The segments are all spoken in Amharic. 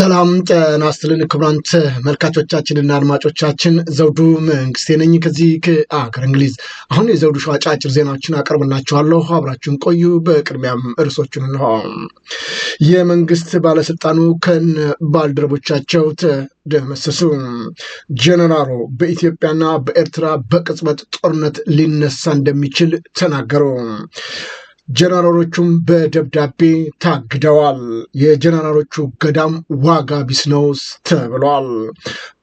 ሰላም ጤና ይስጥልን ክቡራን ተመልካቾቻችንና አድማጮቻችን ዘውዱ መንግስቴ ነኝ ከዚህ ከአገር እንግሊዝ። አሁን የዘውዱ ሾው አጫጭር ዜናዎችን አቀርብላችኋለሁ፣ አብራችሁን ቆዩ። በቅድሚያም እርሶቹን እንሆ። የመንግስት ባለስልጣኑ ከነ ባልደረቦቻቸው ተደመሰሱ። ጀነራሉ በኢትዮጵያና በኤርትራ በቅጽበት ጦርነት ሊነሳ እንደሚችል ተናገሩ። ጀነራሎቹም በደብዳቤ ታግደዋል። የጀነራሎቹ ገዳም ዋጋ ቢስ ነው ተብሏል።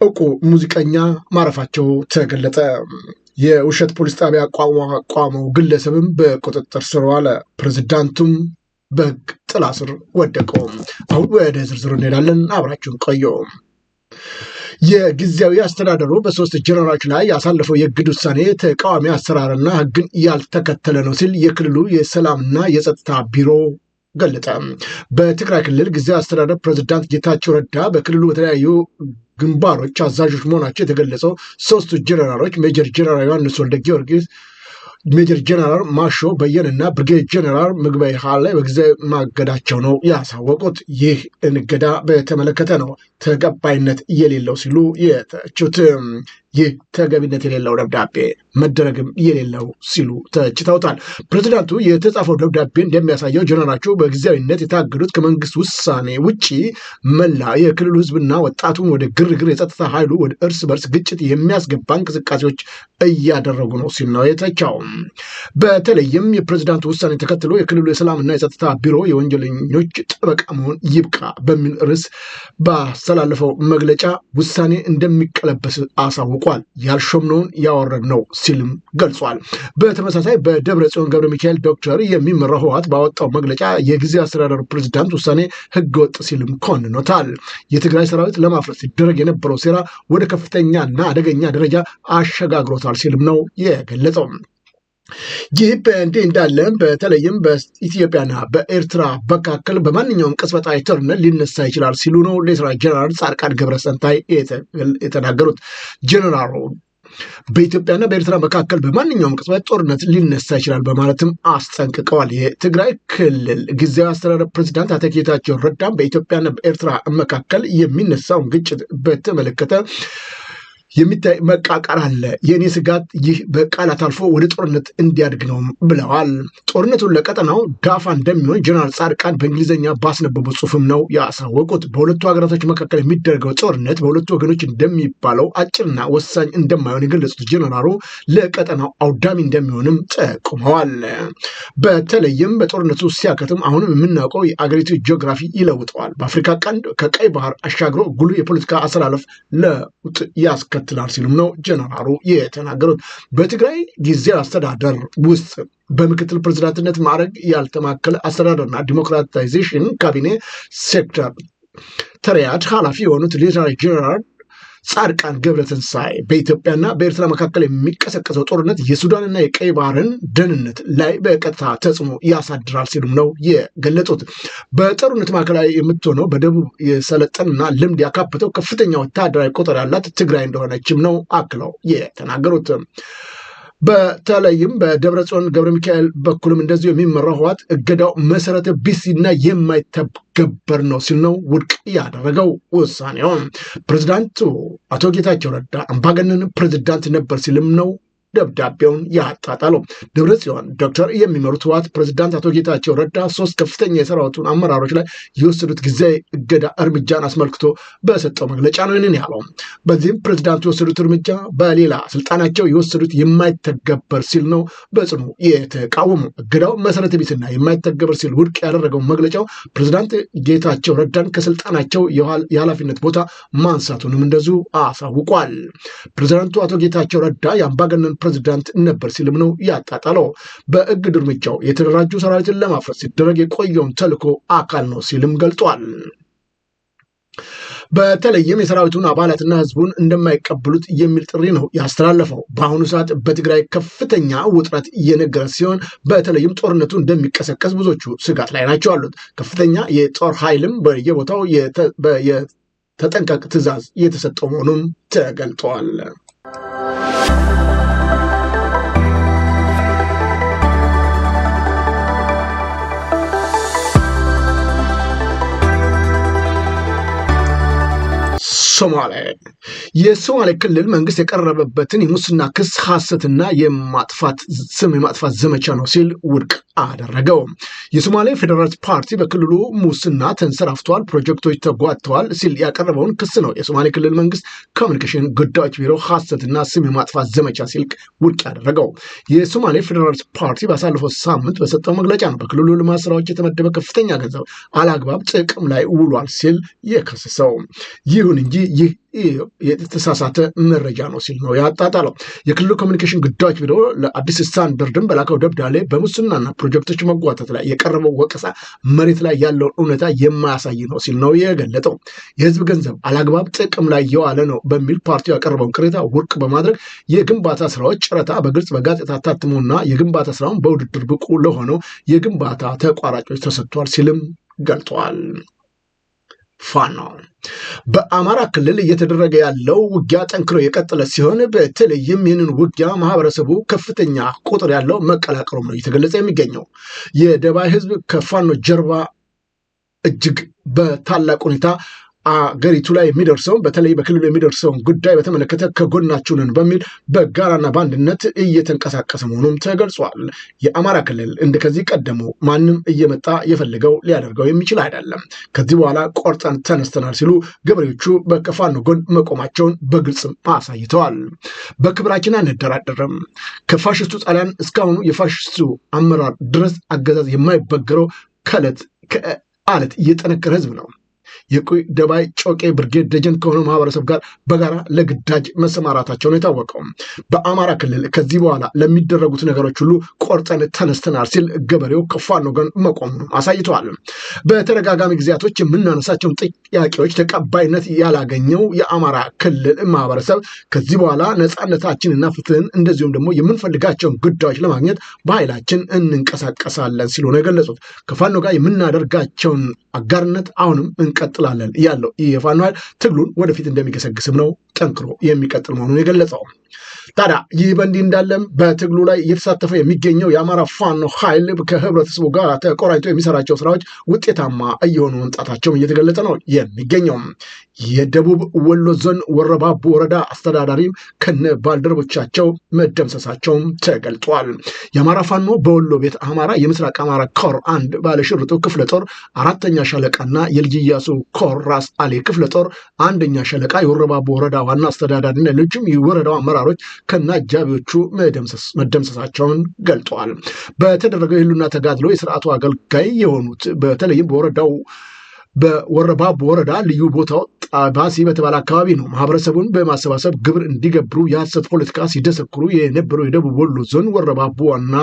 እውቁ ሙዚቀኛ ማረፋቸው ተገለጠ። የውሸት ፖሊስ ጣቢያ አቋቋመው ግለሰብም በቁጥጥር ስር ዋለ። ፕሬዚዳንቱም በህግ ጥላ ስር ወደቀው። አሁን ወደ ዝርዝሩ እንሄዳለን። አብራችሁን ቆየው። የጊዜያዊ አስተዳደሩ በሶስት ጀነራሎች ላይ ያሳለፈው የእግድ ውሳኔ ተቃዋሚ አሰራርና ህግን ያልተከተለ ነው ሲል የክልሉ የሰላምና የጸጥታ ቢሮ ገለጠ። በትግራይ ክልል ጊዜያዊ አስተዳደር ፕሬዝዳንት ጌታቸው ረዳ በክልሉ በተለያዩ ግንባሮች አዛዦች መሆናቸው የተገለጸው ሶስቱ ጀነራሎች ሜጀር ጀነራል ዮሐንስ ወልደ ጊዮርጊስ ሜጀር ጀነራል ማሾ በየንና ብርጌድ ጀነራል ሃል ላይ በጊዜ ማገዳቸው ነው ያሳወቁት። ይህ እንገዳ በተመለከተ ነው ተቀባይነት የሌለው ሲሉ የተቹት። ይህ ተገቢነት የሌለው ደብዳቤ መደረግም የሌለው ሲሉ ተችተውታል። ፕሬዚዳንቱ የተጻፈው ደብዳቤ እንደሚያሳየው ጀነራሎቹ በጊዜያዊነት የታገዱት ከመንግስት ውሳኔ ውጭ መላ የክልሉ ህዝብና ወጣቱን ወደ ግርግር፣ የጸጥታ ኃይሉ ወደ እርስ በርስ ግጭት የሚያስገባ እንቅስቃሴዎች እያደረጉ ነው ሲል ነው የተቻው። በተለይም የፕሬዚዳንቱ ውሳኔ ተከትሎ የክልሉ የሰላምና የጸጥታ ቢሮ የወንጀለኞች ጠበቃ መሆን ይብቃ በሚል ርዕስ ባስተላለፈው መግለጫ ውሳኔ እንደሚቀለበስ አሳውቋል። አስታውቋል። ያልሾምነውን ነው ሲልም ገልጿል። በተመሳሳይ በደብረ ጽዮን ገብረ ሚካኤል ዶክተር የሚመራው ህወሓት ባወጣው መግለጫ የጊዜ አስተዳደሩ ፕሬዚዳንት ውሳኔ ህገወጥ ሲልም ኮንኖታል። የትግራይ ሰራዊት ለማፍረስ ሲደረግ የነበረው ሴራ ወደ ከፍተኛና አደገኛ ደረጃ አሸጋግሮታል ሲልም ነው የገለጸው። ይህ በእንዲህ እንዳለ በተለይም በኢትዮጵያና በኤርትራ መካከል በማንኛውም ቅጽበታዊ ጦርነት ሊነሳ ይችላል ሲሉ ነው ሌተና ጀነራል ጻድቃን ገብረሰንታይ የተናገሩት። ጀነራሉ በኢትዮጵያና በኤርትራ መካከል በማንኛውም ቅጽበት ጦርነት ሊነሳ ይችላል በማለትም አስጠንቅቀዋል። የትግራይ ክልል ጊዜያዊ አስተዳደር ፕሬዚዳንት አቶ ጌታቸው ረዳም በኢትዮጵያና በኤርትራ መካከል የሚነሳውን ግጭት በተመለከተ የሚታይ መቃቃር አለ። የእኔ ስጋት ይህ በቃላት አልፎ ወደ ጦርነት እንዲያድግ ነው ብለዋል። ጦርነቱን ለቀጠናው ዳፋ እንደሚሆን ጀነራል ጻድቃን በእንግሊዝኛ ባስነበቡ ጽሁፍም ነው ያሳወቁት። በሁለቱ ሀገራቶች መካከል የሚደረገው ጦርነት በሁለቱ ወገኖች እንደሚባለው አጭርና ወሳኝ እንደማይሆን የገለጹት ጀነራሉ ለቀጠናው አውዳሚ እንደሚሆንም ጠቁመዋል። በተለይም በጦርነቱ ሲያከትም አሁንም የምናውቀው የአገሪቱ ጂኦግራፊ ይለውጠዋል። በአፍሪካ ቀንድ ከቀይ ባህር አሻግሮ ጉልህ የፖለቲካ አሰላለፍ ለውጥ ያስከ ያስከትላል ሲሉም ነው ጀነራሉ የተናገሩት። በትግራይ ጊዜ አስተዳደር ውስጥ በምክትል ፕሬዚዳንትነት ማዕረግ ያልተማከለ አስተዳደርና ዲሞክራታይዜሽን ካቢኔ ሴክተር ተሪያድ ኃላፊ የሆኑት ሌተና ጀነራል ጻድቃን ገብረ ትንሣኤ በኢትዮጵያና በኤርትራ መካከል የሚቀሰቀሰው ጦርነት የሱዳንና የቀይ ባህርን ደህንነት ላይ በቀጥታ ተጽዕኖ ያሳድራል ሲሉም ነው የገለጹት። በጦርነት ማዕከላዊ የምትሆነው በደቡብ የሰለጠንና ልምድ ያካበተው ከፍተኛ ወታደራዊ ቁጥር ያላት ትግራይ እንደሆነችም ነው አክለው የተናገሩት። በተለይም በደብረጽዮን ገብረ ሚካኤል በኩልም እንደዚሁ የሚመራው ህወሓት እገዳው መሰረተ ቢስና የማይተገበር ነው ሲል ነው ውድቅ ያደረገው ውሳኔው። ፕሬዚዳንቱ አቶ ጌታቸው ረዳ አምባገነን ፕሬዚዳንት ነበር ሲልም ነው ደብዳቤውን ያጣጣሉ። ደብረ ጽዮን ዶክተር የሚመሩት ህወሓት ፕሬዚዳንት አቶ ጌታቸው ረዳ ሶስት ከፍተኛ የሰራዊቱን አመራሮች ላይ የወሰዱት ጊዜ እገዳ እርምጃን አስመልክቶ በሰጠው መግለጫ ነው ይህንን ያለው። በዚህም ፕሬዚዳንቱ የወሰዱት እርምጃ በሌላ ስልጣናቸው የወሰዱት የማይተገበር ሲል ነው በጽኑ የተቃወሙ። እገዳው መሰረተ ቢስና የማይተገበር ሲል ውድቅ ያደረገው መግለጫው ፕሬዚዳንት ጌታቸው ረዳን ከስልጣናቸው የኃላፊነት ቦታ ማንሳቱንም እንደዚሁ አሳውቋል። ፕሬዚዳንቱ አቶ ጌታቸው ረዳ የአምባገነን ፕሬዚዳንት ነበር ሲልም ነው ያጣጣለው። በእግድ እርምጃው የተደራጁ ሰራዊትን ለማፍረስ ሲደረግ የቆየውን ተልዕኮ አካል ነው ሲልም ገልጧል። በተለይም የሰራዊቱን አባላትና ህዝቡን እንደማይቀበሉት የሚል ጥሪ ነው ያስተላለፈው። በአሁኑ ሰዓት በትግራይ ከፍተኛ ውጥረት እየነገረ ሲሆን በተለይም ጦርነቱ እንደሚቀሰቀስ ብዙዎቹ ስጋት ላይ ናቸው አሉት። ከፍተኛ የጦር ኃይልም በየቦታው የተጠንቀቅ ትዕዛዝ እየተሰጠው መሆኑም ተገልጠዋል። ሶማሌ የሶማሌ ክልል መንግስት የቀረበበትን የሙስና ክስ ሀሰትና የማጥፋት ስም የማጥፋት ዘመቻ ነው ሲል ውድቅ አደረገው። የሶማሌ ፌዴራል ፓርቲ በክልሉ ሙስና ተንሰራፍተዋል፣ ፕሮጀክቶች ተጓተዋል ሲል ያቀረበውን ክስ ነው የሶማሌ ክልል መንግስት ኮሚኒኬሽን ጉዳዮች ቢሮ ሀሰትና ስም የማጥፋት ዘመቻ ሲል ውድቅ ያደረገው። የሶማሌ ፌዴራል ፓርቲ ባሳለፈው ሳምንት በሰጠው መግለጫ ነው በክልሉ ልማት ስራዎች የተመደበ ከፍተኛ ገንዘብ አላግባብ ጥቅም ላይ ውሏል ሲል የከሰሰው። ይሁን እንጂ ይህ የተሳሳተ መረጃ ነው ሲል ነው ያጣጣለው። የክልሉ ኮሚኒኬሽን ጉዳዮች ቢሮ ለአዲስ ስታንዳርድን በላከው ደብዳቤ በሙስናና ፕሮጀክቶች መጓተት ላይ የቀረበው ወቀሳ መሬት ላይ ያለውን እውነታ የማያሳይ ነው ሲል ነው የገለጠው። የህዝብ ገንዘብ አላግባብ ጥቅም ላይ የዋለ ነው በሚል ፓርቲው ያቀረበውን ቅሬታ ውድቅ በማድረግ የግንባታ ስራዎች ጨረታ በግልጽ በጋዜጣ ታትሞና የግንባታ ስራውን በውድድር ብቁ ለሆነው የግንባታ ተቋራጮች ተሰጥቷል ሲልም ገልጠዋል። ፋኖ በአማራ ክልል እየተደረገ ያለው ውጊያ ጠንክሮ የቀጠለ ሲሆን በተለይም ይህንን ውጊያ ማህበረሰቡ ከፍተኛ ቁጥር ያለው መቀላቀሉ ነው እየተገለጸ የሚገኘው። የደባይ ህዝብ ከፋኖ ጀርባ እጅግ በታላቅ ሁኔታ አገሪቱ ላይ የሚደርሰውን በተለይ በክልሉ የሚደርሰውን ጉዳይ በተመለከተ ከጎናችሁንን በሚል በጋራና በአንድነት እየተንቀሳቀሰ መሆኑም ተገልጿል። የአማራ ክልል እንደ ከዚህ ቀደሙ ማንም እየመጣ የፈለገው ሊያደርገው የሚችል አይደለም። ከዚህ በኋላ ቆርጠን ተነስተናል ሲሉ ገበሬዎቹ ከፋኖ ጎን መቆማቸውን በግልጽም አሳይተዋል። በክብራችን አንደራደርም። ከፋሽስቱ ጣሊያን እስካሁኑ የፋሽስቱ አመራር ድረስ አገዛዝ የማይበገረው ከዕለት ከአለት እየጠነከረ ህዝብ ነው። ደባይ ጮቄ ብርጌድ ደጀን ከሆነ ማህበረሰብ ጋር በጋራ ለግዳጅ መሰማራታቸው ነው የታወቀው። በአማራ ክልል ከዚህ በኋላ ለሚደረጉት ነገሮች ሁሉ ቆርጠን ተነስተናል ሲል ገበሬው ከፋኖ ጋር መቆሙን አሳይተዋል። በተደጋጋሚ ጊዜያቶች የምናነሳቸውን ጥያቄዎች ተቀባይነት ያላገኘው የአማራ ክልል ማህበረሰብ ከዚህ በኋላ ነፃነታችንና ፍትህን እንደዚሁም ደግሞ የምንፈልጋቸውን ጉዳዮች ለማግኘት በኃይላችን እንንቀሳቀሳለን ሲሉ ነው የገለጹት። ከፋኖ ጋር የምናደርጋቸውን አጋርነት አሁንም እንቀጥ እንቀጥላለን እያለው የፋኖ ኃይል ትግሉን ወደፊት እንደሚገሰግስም ነው ጠንክሮ የሚቀጥል መሆኑን የገለጸው። ታዲያ ይህ በእንዲህ እንዳለም በትግሉ ላይ እየተሳተፈ የሚገኘው የአማራ ፋኖ ኃይል ከህብረተሰቡ ጋር ተቆራይቶ የሚሰራቸው ስራዎች ውጤታማ እየሆኑ መምጣታቸውም እየተገለጸ ነው የሚገኘው። የደቡብ ወሎ ዞን ወረባቦ ወረዳ አስተዳዳሪም ከነ ባልደረቦቻቸው መደምሰሳቸውም ተገልጧል። የአማራ ፋኖ በወሎ ቤት አማራ የምስራቅ አማራ ኮር አንድ ባለሽርጡ ክፍለ ጦር አራተኛ ሻለቃና የልጅያሱ ኢያሱ ኮር ራስ አሌ ክፍለ ጦር አንደኛ ሻለቃ የወረባቦ ወረዳ ዋና አስተዳዳሪና ሌሎችም የወረዳው አመራሮች ከነ አጃቢዎቹ መደምሰሳቸውን ገልጠዋል። በተደረገው የህሉና ተጋድሎ የስርዓቱ አገልጋይ የሆኑት በተለይም በወረዳው በወረባብ ወረዳ ልዩ ቦታው ባሲ በተባለ አካባቢ ነው። ማህበረሰቡን በማሰባሰብ ግብር እንዲገብሩ የሐሰት ፖለቲካ ሲደሰክሩ የነበሩ የደቡብ ወሎ ዞን ወረባቦ ዋና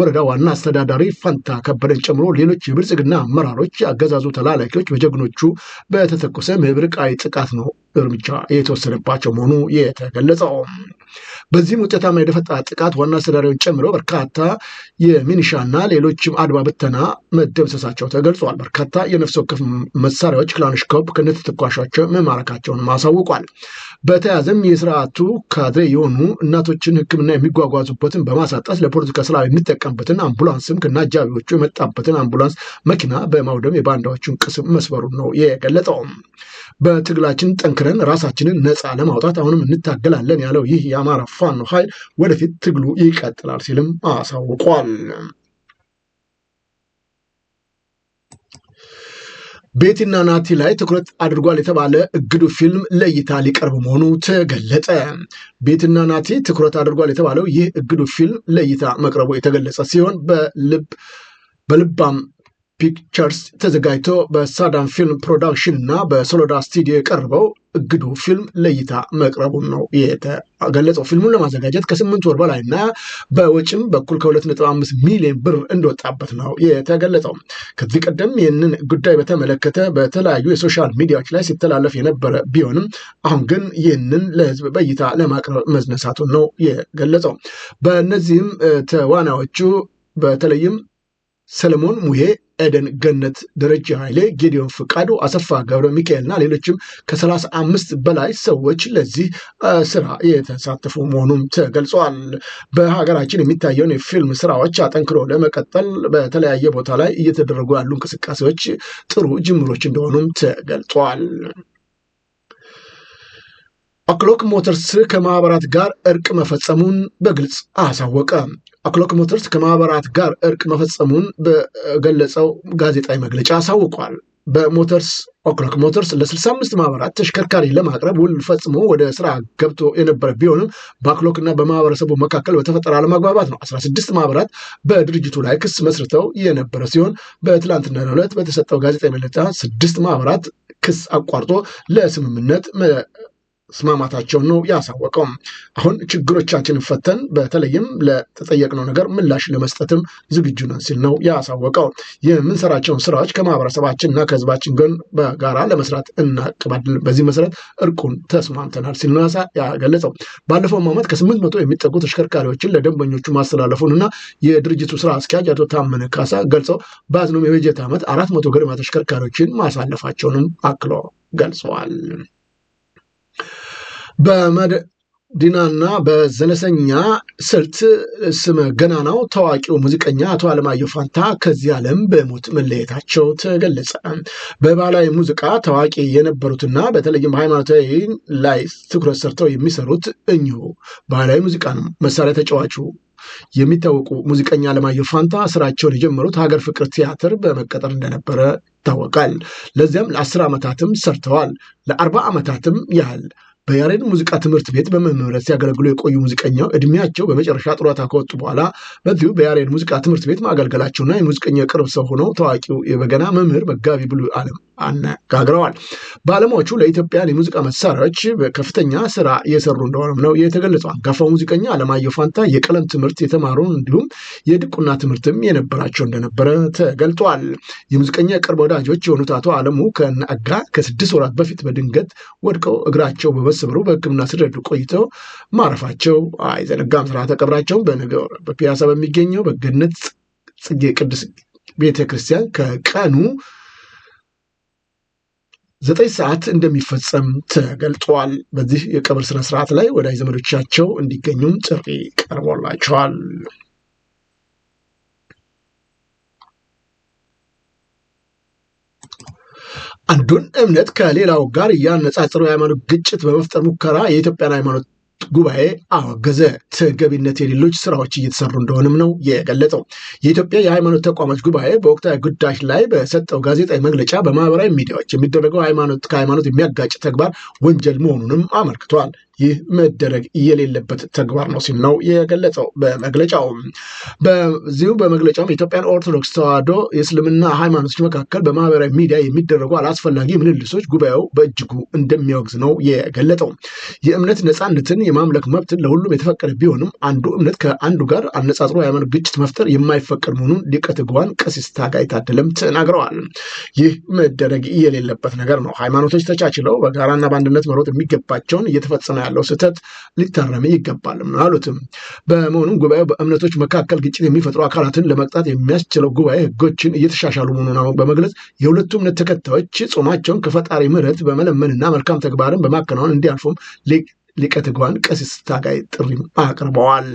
ወረዳ ዋና አስተዳዳሪ ፈንታ ከበደን ጨምሮ ሌሎች የብልጽግና አመራሮች የአገዛዙ ተላላኪዎች በጀግኖቹ በተተኮሰ መብረቃዊ ጥቃት ነው እርምጃ የተወሰደባቸው መሆኑ የተገለጸው። በዚህም ውጤታማ የደፈጣ ጥቃት ዋና አስተዳዳሪውን ጨምሮ በርካታ የሚኒሻና ሌሎችም አድባ ብተና መደምሰሳቸው ተገልጿል። በርካታ የነፍስ ወከፍ መሳሪያዎች ክላሽንኮቭ ከነተተኳሻቸው መማረካቸውን አሳውቋል። በተያያዘም የስርዓቱ ካድሬ የሆኑ እናቶችን ሕክምና የሚጓጓዙበትን በማሳጣት ለፖለቲካ ስራ የሚጠቀምበትን አምቡላንስም ከና አጃቢዎቹ የመጣበትን አምቡላንስ መኪና በማውደም የባንዳዎቹን ቅስም መስበሩን ነው የገለጠው። በትግላችን ጠንክረን ራሳችንን ነፃ ለማውጣት አሁንም እንታገላለን ያለው ይህ የአማራ ፋኖ ኃይል ወደፊት ትግሉ ይቀጥላል ሲልም አሳውቋል። ቤቲና ናቲ ላይ ትኩረት አድርጓል የተባለ እግዱ ፊልም ለእይታ ሊቀርብ መሆኑ ተገለጠ። ቤትና ናቲ ትኩረት አድርጓል የተባለው ይህ እግዱ ፊልም ለእይታ መቅረቡ የተገለጸ ሲሆን በልባም ፒክቸርስ ተዘጋጅቶ በሳዳም ፊልም ፕሮዳክሽን እና በሶሎዳ ስቱዲዮ የቀረበው እግዱ ፊልም ለእይታ መቅረቡን ነው የተገለጸው። ፊልሙን ለማዘጋጀት ከስምንት ወር እና በወጪም በኩል ከ2.5 ሚሊዮን ብር እንደወጣበት ነው የተገለጸው። ከዚህ ቀደም ይህንን ጉዳይ በተመለከተ በተለያዩ የሶሻል ሚዲያዎች ላይ ሲተላለፍ የነበረ ቢሆንም አሁን ግን ይህንን ለህዝብ በእይታ ለማቅረብ መዝነሳቱን ነው የገለጸው። በእነዚህም ተዋናዮቹ በተለይም ሰለሞን ሙሄ፣ ኤደን ገነት፣ ደረጀ ኃይሌ፣ ጌዲዮን ፍቃዱ፣ አሰፋ ገብረ ሚካኤልና ሌሎችም ከሰላሳ አምስት በላይ ሰዎች ለዚህ ስራ የተሳተፉ መሆኑም ተገልጸዋል። በሀገራችን የሚታየውን የፊልም ስራዎች አጠንክሮ ለመቀጠል በተለያየ ቦታ ላይ እየተደረጉ ያሉ እንቅስቃሴዎች ጥሩ ጅምሮች እንደሆኑም ተገልጿል። አክሎክ ሞተርስ ከማህበራት ጋር እርቅ መፈጸሙን በግልጽ አሳወቀ። አክሎክ ሞተርስ ከማህበራት ጋር እርቅ መፈጸሙን በገለጸው ጋዜጣዊ መግለጫ አሳውቋል። በሞተርስ ኦክሎክ ሞተርስ ለ65 ማህበራት ተሽከርካሪ ለማቅረብ ውል ፈጽሞ ወደ ስራ ገብቶ የነበረ ቢሆንም በአክሎክ እና በማህበረሰቡ መካከል በተፈጠረ አለማግባባት ነው 16 ማህበራት በድርጅቱ ላይ ክስ መስርተው የነበረ ሲሆን በትላንትና ዕለት በተሰጠው ጋዜጣዊ መግለጫ ስድስት ማህበራት ክስ አቋርጦ ለስምምነት መስማማታቸውን ነው ያሳወቀው። አሁን ችግሮቻችንን ፈተን በተለይም ለተጠየቅነው ነገር ምላሽ ለመስጠትም ዝግጁ ነን ሲል ነው ያሳወቀው። የምንሰራቸውን ስራዎች ከማህበረሰባችንና ከህዝባችን ጎን በጋራ ለመስራት እናቅባድል። በዚህ መሰረት እርቁን ተስማምተናል ሲል ነው ያገለጸው። ባለፈው ዓመት ከስምንት መቶ የሚጠጉ ተሽከርካሪዎችን ለደንበኞቹ እና የድርጅቱ ስራ አስኪያጅ አቶ ታመነ ካሳ ገልጸው በአዝኖም የበጀት ዓመት አራት መቶ ገደማ ተሽከርካሪዎችን ማሳለፋቸውንም አክሎ ገልጸዋል። በመዲናና በዘነሰኛ ስልት ስመ ገናናው ታዋቂው ሙዚቀኛ አቶ አለማየሁ ፋንታ ከዚህ ዓለም በሞት መለየታቸው ተገለጸ። በባህላዊ ሙዚቃ ታዋቂ የነበሩትና በተለይም ሃይማኖታዊ ላይ ትኩረት ሰርተው የሚሰሩት እኚሁ ባህላዊ ሙዚቃ ነው መሳሪያ ተጫዋቹ የሚታወቁ ሙዚቀኛ አለማየሁ ፋንታ ስራቸውን የጀመሩት ሀገር ፍቅር ቲያትር በመቀጠር እንደነበረ ይታወቃል። ለዚያም ለአስር ዓመታትም ሰርተዋል። ለአርባ ዓመታትም ያህል በያሬድ ሙዚቃ ትምህርት ቤት በመምህርነት ሲያገለግሉ የቆዩ ሙዚቀኛው እድሜያቸው በመጨረሻ ጡረታ ከወጡ በኋላ በዚሁ በያሬድ ሙዚቃ ትምህርት ቤት ማገልገላቸውና የሙዚቀኛ ቅርብ ሰው ሆነው ታዋቂው የበገና መምህር መጋቢ ብሉይ ዓለም አነጋግረዋል። ባለሙያዎቹ ለኢትዮጵያ የሙዚቃ መሳሪያዎች በከፍተኛ ስራ እየሰሩ እንደሆነም ነው የተገለጸው። አንጋፋው ሙዚቀኛ አለማየሁ ፋንታ የቀለም ትምህርት የተማሩ እንዲሁም የድቁና ትምህርትም የነበራቸው እንደነበረ ተገልጧል። የሙዚቀኛ ቅርብ ወዳጆች የሆኑት አቶ አለሙ ከነአጋ ከስድስት ወራት በፊት በድንገት ወድቀው እግራቸው በበ አስምሩ በሕክምና ሲረዱ ቆይተው ማረፋቸው አይዘነጋም። ስርዓተ ቀብራቸውን በነገ በፒያሳ በሚገኘው በገነት ጽጌ ቅዱስ ቤተ ክርስቲያን ከቀኑ ዘጠኝ ሰዓት እንደሚፈጸም ተገልጧል። በዚህ የቀብር ስነ ስርዓት ላይ ወዳጅ ዘመዶቻቸው እንዲገኙም ጥሪ ቀርቦላቸዋል። የአንዱን እምነት ከሌላው ጋር እያነጻጸረው የሃይማኖት ግጭት በመፍጠር ሙከራ የኢትዮጵያን ሃይማኖት ጉባኤ አወገዘ። ተገቢነት የሌሎች ስራዎች እየተሰሩ እንደሆነም ነው የገለጸው። የኢትዮጵያ የሃይማኖት ተቋማት ጉባኤ በወቅታዊ ጉዳዮች ላይ በሰጠው ጋዜጣዊ መግለጫ በማህበራዊ ሚዲያዎች የሚደረገው ሃይማኖት ከሃይማኖት የሚያጋጭ ተግባር ወንጀል መሆኑንም አመልክቷል። ይህ መደረግ የሌለበት ተግባር ነው ሲል ነው የገለጸው። በመግለጫው በዚሁ በመግለጫውም የኢትዮጵያን ኦርቶዶክስ ተዋህዶ የእስልምና ሃይማኖቶች መካከል በማህበራዊ ሚዲያ የሚደረጉ አላስፈላጊ ምልልሶች ጉባኤው በእጅጉ እንደሚያወግዝ ነው የገለጠው። የእምነት ነፃነትን የማምለክ መብትን ለሁሉም የተፈቀደ ቢሆንም አንዱ እምነት ከአንዱ ጋር አነጻጽሮ የሃይማኖት ግጭት መፍጠር የማይፈቀድ መሆኑን ሊቀ ትጉሃን ቀሲስ ታጋይ ታደለም ተናግረዋል። ይህ መደረግ የሌለበት ነገር ነው። ሃይማኖቶች ተቻችለው በጋራና በአንድነት መሮጥ የሚገባቸውን እየተፈጸመ ያለው ስህተት ሊታረም ይገባል አሉትም። በመሆኑም ጉባኤው በእምነቶች መካከል ግጭት የሚፈጥሩ አካላትን ለመቅጣት የሚያስችለው ጉባኤ ህጎችን እየተሻሻሉ መሆኑን በመግለጽ የሁለቱ እምነት ተከታዮች ጾማቸውን ከፈጣሪ ምሕረት በመለመንና መልካም ተግባርን በማከናወን እንዲያልፉም ሊቀ ትጉሃን ቀሲስ ታጋይ ጥሪም አቅርበዋል።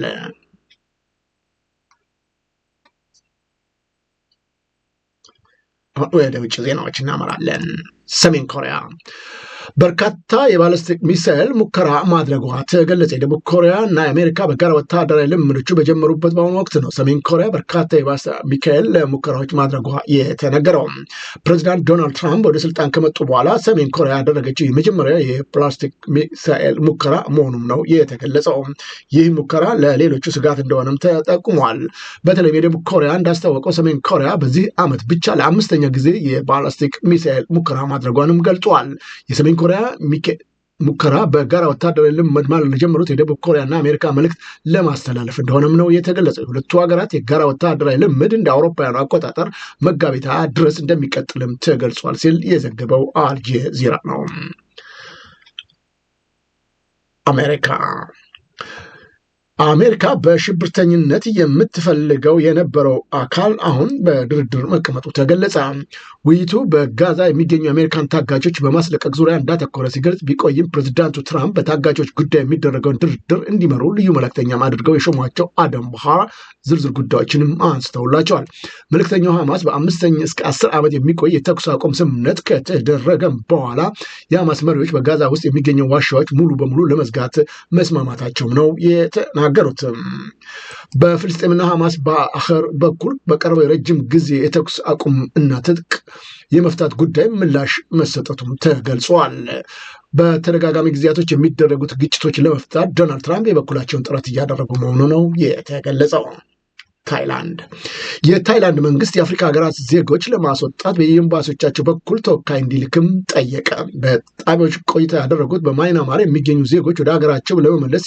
ወደ ውጭ ዜናዎች እናመራለን። ሰሜን ኮሪያ በርካታ የባለስቲክ ሚሳኤል ሙከራ ማድረጓ ተገለጸ። የደቡብ ኮሪያ እና የአሜሪካ በጋራ ወታደራዊ ልምምዶቹ በጀመሩበት በአሁኑ ወቅት ነው ሰሜን ኮሪያ በርካታ ሚካኤል ሙከራዎች ማድረጓ የተነገረው። ፕሬዚዳንት ዶናልድ ትራምፕ ወደ ስልጣን ከመጡ በኋላ ሰሜን ኮሪያ ያደረገችው የመጀመሪያ የፕላስቲክ ሚሳኤል ሙከራ መሆኑም ነው የተገለጸው። ይህ ሙከራ ለሌሎቹ ስጋት እንደሆነም ተጠቁሟል። በተለይም የደቡብ ኮሪያ እንዳስታወቀው ሰሜን ኮሪያ በዚህ ዓመት ብቻ ለአምስተኛ ጊዜ የባላስቲክ ሚሳኤል ሙከራ ማድረጓንም ገልጿል። የሰሜን ኮሪያ ሙከራ በጋራ ወታደራዊ ልምምድ ለጀመሩት የደቡብ ኮሪያና አሜሪካ መልእክት ለማስተላለፍ እንደሆነም ነው የተገለጸው። የሁለቱ ሀገራት የጋራ ወታደራዊ ልምምድ እንደ አውሮፓውያኑ አቆጣጠር መጋቢት ድረስ እንደሚቀጥልም ተገልጿል ሲል የዘገበው አልጀዚራ ነው። አሜሪካ አሜሪካ በሽብርተኝነት የምትፈልገው የነበረው አካል አሁን በድርድር መቀመጡ ተገለጸ። ውይይቱ በጋዛ የሚገኙ የአሜሪካን ታጋቾች በማስለቀቅ ዙሪያ እንዳተኮረ ሲገልጽ ቢቆይም ፕሬዚዳንቱ ትራምፕ በታጋቾች ጉዳይ የሚደረገውን ድርድር እንዲመሩ ልዩ መልእክተኛም አድርገው የሾሟቸው አደም ባሃር ዝርዝር ጉዳዮችንም አንስተውላቸዋል። መልእክተኛው ሐማስ በአምስተኛ እስከ አስር ዓመት የሚቆይ የተኩስ አቁም ስምምነት ከተደረገም በኋላ የሐማስ መሪዎች በጋዛ ውስጥ የሚገኘው ዋሻዎች ሙሉ በሙሉ ለመዝጋት መስማማታቸውም ነው የተና የተናገሩት። በፍልስጤምና ሐማስ በአኸር በኩል በቀረበው የረጅም ጊዜ የተኩስ አቁም እና ትጥቅ የመፍታት ጉዳይ ምላሽ መሰጠቱም ተገልጿል። በተደጋጋሚ ጊዜያቶች የሚደረጉት ግጭቶች ለመፍታት ዶናልድ ትራምፕ የበኩላቸውን ጥረት እያደረጉ መሆኑ ነው የተገለጸው። ታይላንድ የታይላንድ መንግስት የአፍሪካ ሀገራት ዜጎች ለማስወጣት በኤምባሲዎቻቸው በኩል ተወካይ እንዲልክም ጠየቀ። በጣቢያዎች ቆይታ ያደረጉት በማይናማር የሚገኙ ዜጎች ወደ ሀገራቸው ለመመለስ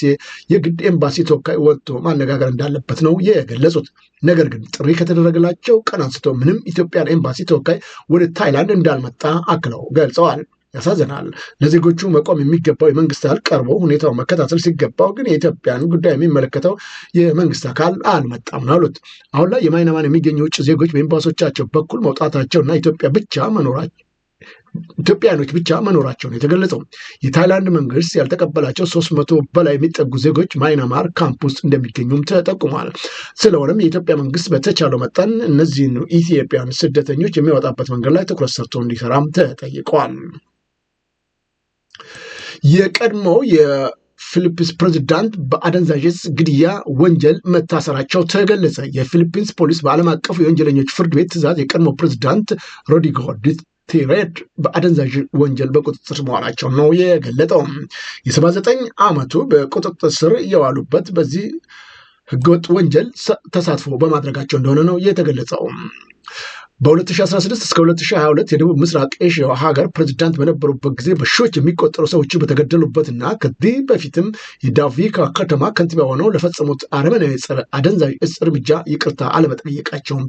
የግድ ኤምባሲ ተወካይ ወጥቶ ማነጋገር እንዳለበት ነው የገለጹት። ነገር ግን ጥሪ ከተደረገላቸው ቀን አንስቶ ምንም ኢትዮጵያን ኤምባሲ ተወካይ ወደ ታይላንድ እንዳልመጣ አክለው ገልጸዋል። ያሳዝናል። ለዜጎቹ መቆም የሚገባው የመንግስት አካል ቀርቦ ሁኔታው መከታተል ሲገባው ግን የኢትዮጵያን ጉዳይ የሚመለከተው የመንግስት አካል አልመጣም ነው አሉት። አሁን ላይ የማይናማን የሚገኙ ውጭ ዜጎች በኤምባሶቻቸው በኩል መውጣታቸውና ኢትዮጵያ ብቻ መኖራቸው ኢትዮጵያኖች ብቻ መኖራቸውን የተገለጸው የታይላንድ መንግስት ያልተቀበላቸው ሶስት መቶ በላይ የሚጠጉ ዜጎች ማይናማር ካምፕ ውስጥ እንደሚገኙም ተጠቁሟል። ስለሆነም የኢትዮጵያ መንግስት በተቻለው መጠን እነዚህን ኢትዮጵያን ስደተኞች የሚያወጣበት መንገድ ላይ ትኩረት ሰርቶ እንዲሰራም ተጠይቀዋል። የቀድሞው የፊሊፒንስ ፕሬዚዳንት በአደንዛዥ ግድያ ወንጀል መታሰራቸው ተገለጸ። የፊሊፒንስ ፖሊስ በዓለም አቀፉ የወንጀለኞች ፍርድ ቤት ትእዛዝ የቀድሞ ፕሬዚዳንት ሮድሪጎ ቴሬድ በአደንዛዥ ወንጀል በቁጥጥር መዋላቸው ነው የገለጠው። የ79 ዓመቱ በቁጥጥር ስር የዋሉበት በዚህ ህገወጥ ወንጀል ተሳትፎ በማድረጋቸው እንደሆነ ነው የተገለጸው። በ2016 እስከ 2022 የደቡብ ምስራቅ ኤሽያ ሀገር ፕሬዚዳንት በነበሩበት ጊዜ በሺዎች የሚቆጠሩ ሰዎች በተገደሉበትና ከዚህ በፊትም የዳቪካ ከተማ ከንቲባ ሆነው ለፈጸሙት አረመናዊ ጸረ አደንዛዥ እጽ እርምጃ ይቅርታ አለመጠየቃቸውም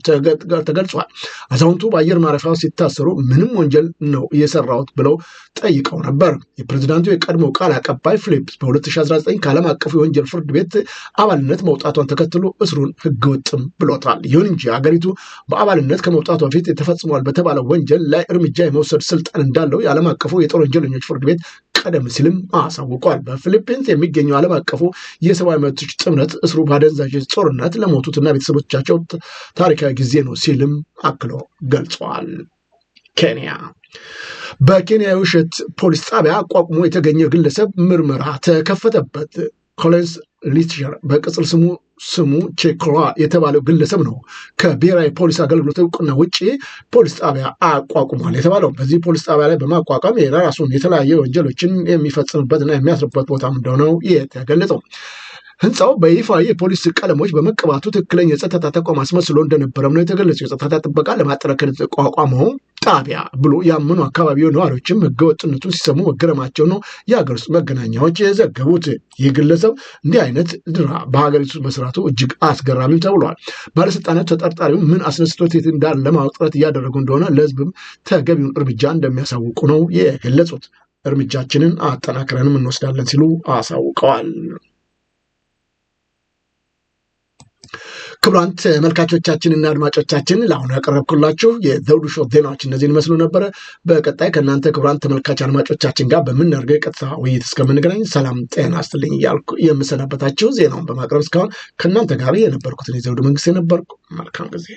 ተገልጿል። አዛውንቱ በአየር ማረፊያ ሲታሰሩ ምንም ወንጀል ነው የሰራሁት ብለው ጠይቀው ነበር። የፕሬዚዳንቱ የቀድሞ ቃል አቀባይ ፊሊፕስ በ2019 ከዓለም አቀፉ የወንጀል ፍርድ ቤት አባልነት መውጣቷን ተከትሎ እስሩን ህገወጥም ብሎታል። ይሁን እንጂ ሀገሪቱ በአባልነት ከመውጣቷ በፊት ተፈጽሟል በተባለው ወንጀል ላይ እርምጃ የመውሰድ ስልጣን እንዳለው የዓለም አቀፉ የጦር ወንጀለኞች ፍርድ ቤት ቀደም ሲልም አሳውቋል። በፊሊፒንስ የሚገኘው ዓለም አቀፉ የሰብአዊ መብቶች ጥምረት እስሩ በአደንዛዥ ጦርነት ለሞቱትና ቤተሰቦቻቸው ታሪካዊ ጊዜ ነው ሲልም አክሎ ገልጿል። ኬንያ በኬንያ ውሸት ፖሊስ ጣቢያ አቋቁሞ የተገኘ ግለሰብ ምርመራ ተከፈተበት። ኮሌንስ ሊትሸር በቅጽል ስሙ ስሙ ቼክሯ የተባለው ግለሰብ ነው ከብሔራዊ ፖሊስ አገልግሎት እውቅና ውጭ ፖሊስ ጣቢያ አቋቁሟል የተባለው። በዚህ ፖሊስ ጣቢያ ላይ በማቋቋም የራሱን የተለያየ ወንጀሎችን የሚፈጽምበትና የሚያስርበት ቦታም እንደሆነው የተገለጸው ህንፃው በይፋ የፖሊስ ቀለሞች በመቀባቱ ትክክለኛ የጸጥታ ተቋም አስመስሎ እንደነበረም ነው የተገለጸው። የጸጥታ ጥበቃ ለማጠናከር የተቋቋመው ጣቢያ ብሎ ያምኑ አካባቢው ነዋሪዎችም ህገወጥነቱን ሲሰሙ መገረማቸው ነው የሀገር ውስጥ መገናኛዎች የዘገቡት። ይህ ግለሰብ እንዲህ አይነት ድራ በሀገሪቱ መስራቱ እጅግ አስገራሚም ተብሏል። ባለስልጣናት ተጠርጣሪው ምን አስነስቶት የት እንዳለ ለማወቅ ጥረት እያደረጉ እንደሆነ ለህዝብም ተገቢውን እርምጃ እንደሚያሳውቁ ነው የገለጹት። እርምጃችንን አጠናክረንም እንወስዳለን ሲሉ አሳውቀዋል። ክቡራን ተመልካቾቻችንና አድማጮቻችን ለአሁኑ ያቀረብኩላችሁ የዘውዱ ሾው ዜናዎች እነዚህን ይመስሉ ነበረ። በቀጣይ ከእናንተ ክቡራን ተመልካች አድማጮቻችን ጋር በምናደርገው የቀጥታ ውይይት እስከምንገናኝ ሰላም ጤና ይስጥልኝ እያልኩ የምሰናበታችሁ ዜናውን በማቅረብ እስካሁን ከእናንተ ጋር የነበርኩትን የዘውዱ መንግስት የነበርኩ መልካም ጊዜ